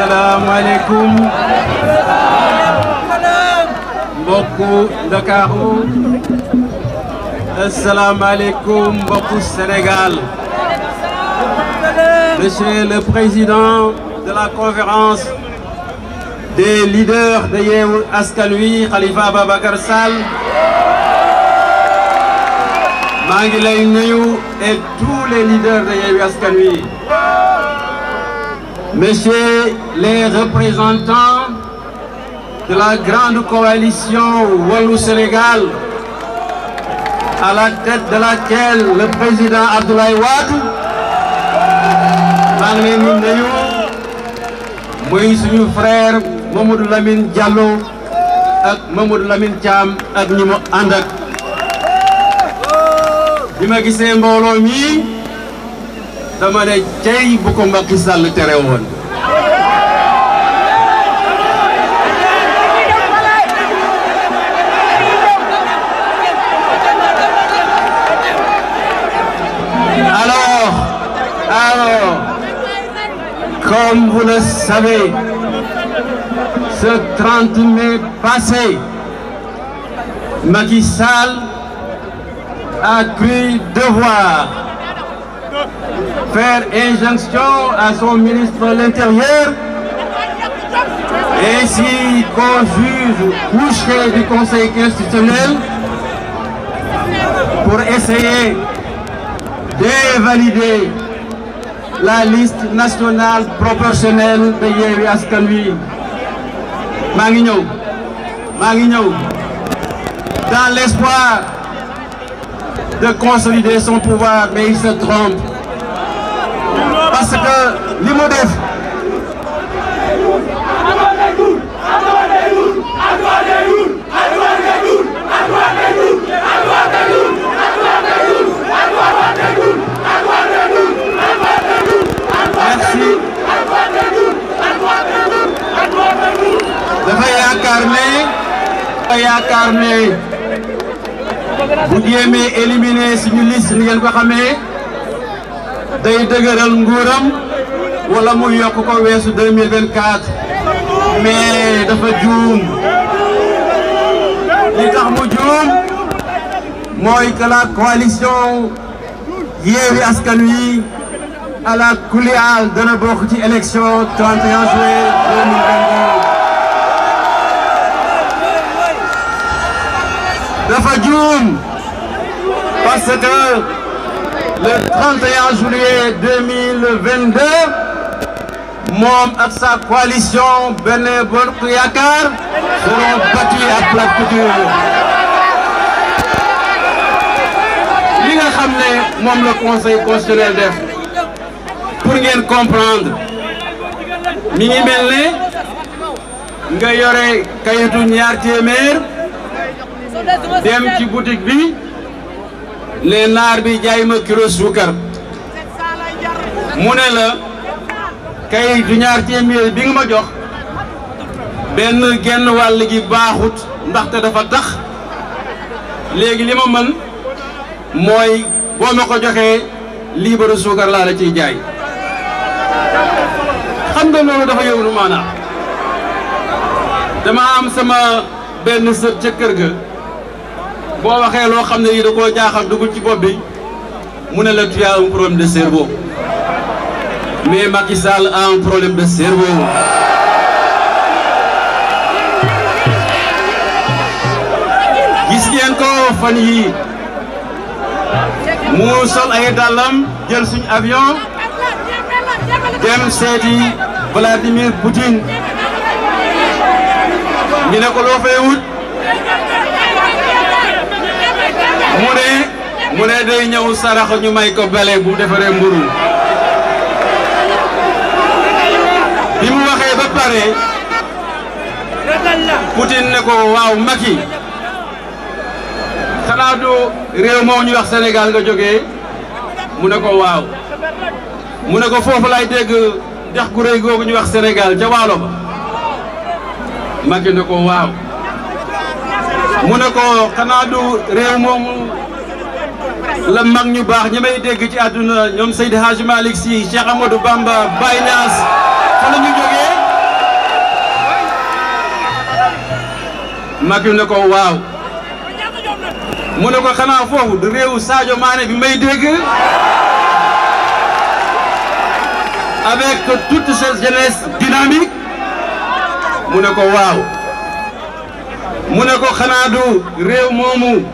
asalaamaaleykum mbokku Ndakaaru asalaamaaleykum mbokku Sénégal monsieur le président de la conférence des leaders de Yewwi Askan Wi Khalifa Ababacar Sall maa ngi lay et tous les leaders de Yewwi Askan Wi Messieurs les représentants de la grande coalition Wallou Sénégal, à la tête de laquelle le président Abdoulaye Wade maa ngi leen di nuyu muy suñu frère Mamadou Lamine Diallo ak Mamadou Lamine Thiam ak ñi mu ànd ak ma gisee mbooloo mi. dama ne bu ko Macky Sall tere woon comme vous le savez ce 30 mai passé Macky Sall devoir faire injonction à son ministre de l'Intérieur et si qu'on juge couché du Conseil constitutionnel pour essayer de valider la liste nationale proportionnelle de Askan Wi ngi ñëw ngi ñëw l'espoir de consolider son pouvoir mais il se trompe parce que li mu def dafa yaakaar ne dafa yaakaar ne bu jéemee éliminer suñu liste ni ngeen ko xamee day dëgëral nguuram wala mu yokk ko weesu 2024 mais dafa juum li tax mu juum mooy que la coalition Yewwi Askan Wi à la kulli haal dana bokk ci élection 31 juillet 2022 dafa juum parce que le 31 juillet moom ak coalition Benno Bokk Yaakaar seront battus à plat li nga xam ne moom le conseil constitutionnel def pour ngeen comprendre mi ngi nga yore kayitu ñaar dem ci boutique bi ne naar bi jaay ma kilo suukar mu ne la kayit du ñaar téeméer bi nga ma jox benn genn wàll gi baaxut ndaxte dafa tax léegi li ma mën mooy boo ma ko joxee liibaru suukar laa la ciy jaay xam nga loolu dafa yowlu maanaam dama am sama benn sër ca kër ga boo waxee loo xam ne nii da koo jaaxal dugul ci bopp bi mu ne la tu as un problème de cerveau mais Macky Sall a un problème de cerveau. gis ngeen ko fan yii mu sol ay dàllam jël suñu avion dem seeti Vladimir Poutine ñu ne ko wut. mu ne day ñëw sarax ñu may ko bele bu defaree mburu bi mu waxee ba pare Poutine ne ko waaw Macky xanaa du réew moo ñu wax Sénégal nga mu ne ko waaw mu ne ko foofu lay dex gu rëy googu ñu wax Sénégal ca waalo ne ko waaw mu ne ko xanaa du réew moomu la mag ñu baax ñi dégg ci àdduna ñoom Seydi Hadji Malick Sy Cheikh Amadou Bamba Baye Niass fa ñu jógee mag yu ne ko waaw mu ne ko xanaa foofu du réewu Sadio Mané bi may dégg avec toute cette jeunesse dynamique mu ne ko waaw mu ne ko xanaa du réew moomu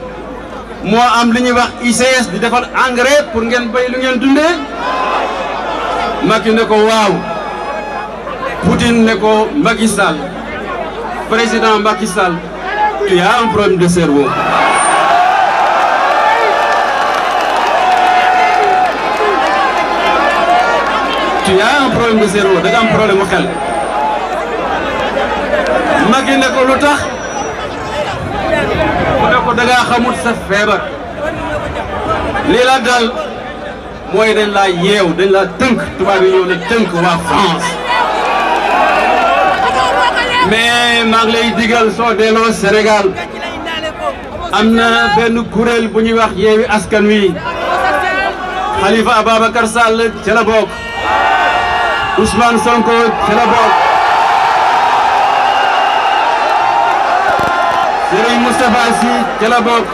moo am li ñuy wax ICS di defar engrais pour ngeen bay lu ngeen dundee Macky ne ko waaw Poutine ne ko Macky Sall président Macky tu as un problème de cerveau tu as un problème de cerveau da nga am problème mu xel Macky ne ko lu tax ko da ngaa xamul sa lii la dal mooy dañ laa yeew dañ la tënk tubaab yi ñëw na tënk waa digal soo delloo Sénégal am na benn kuréel bu ñuy wax yeewi askan wi Khalifa Ababacar Sall ca la Sonko ca Serigne Moustapha Sy ca la bokk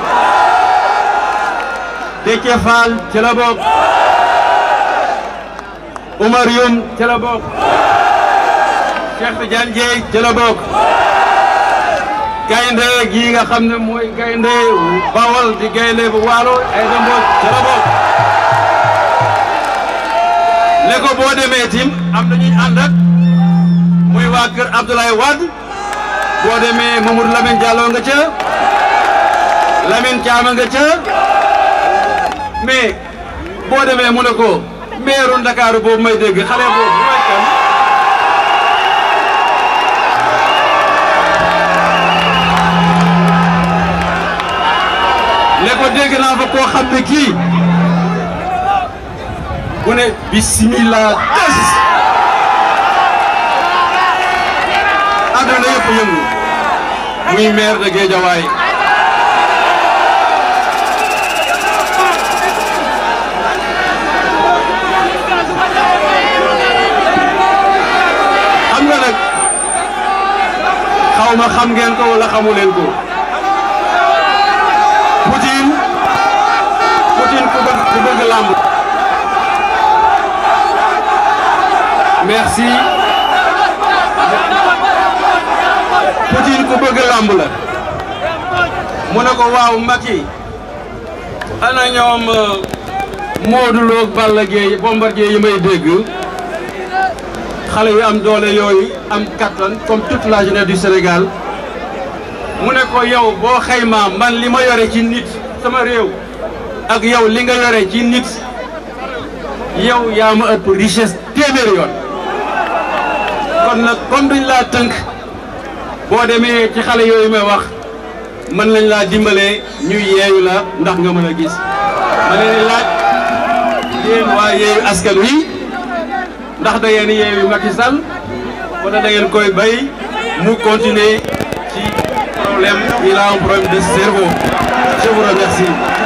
Déthié Fall ca la bokk Oumar Youm ca la bokk Cheikh gi nga xam ne mooy gaynde Bawol di gaynde bu Waalo ay da mbokk ca la bokk ne boo demee Mamadou Lamine Diallo nga ca Lamine Thiam ca mais boo demee mu ne ko meeru Ndakaaru boobu may dégg xale boobu mooy kan ne ko dégg naa fa koo xam ne kii bu ne bismillah des àdduna yëpp yëngu muy maire de Guédiawaye xam nga nag xaw xam ngeen ko wala xamu leen ko Poutine Poutine ku bëgg ku bëgg Poutine ku bëgg làmb la mu ne ko waaw Macky ana ñoom euh, Modou Lo ak Balla Gaye Bombardier yi may dégg xale yu am doole yooyu am kattan comme toute la jeunesse du Sénégal mu ne ko yow boo xaymaa man li ma yore ci nit sama réew ak yow li nga yore ci nit yow yaa ma ëpp richesse téeméer yoon kon nag comme laa tënk boo demee ci xale yooyu may wax mën nañ laa dimbalee ñuy yeeyu la ndax nga mën a gis ma leen laaj yéen waa yeeyu askan wi ndax da ngeen yeeyu Macky Sall wala da ngeen koy bay mu continuer ci problème il a un de cerveau je vous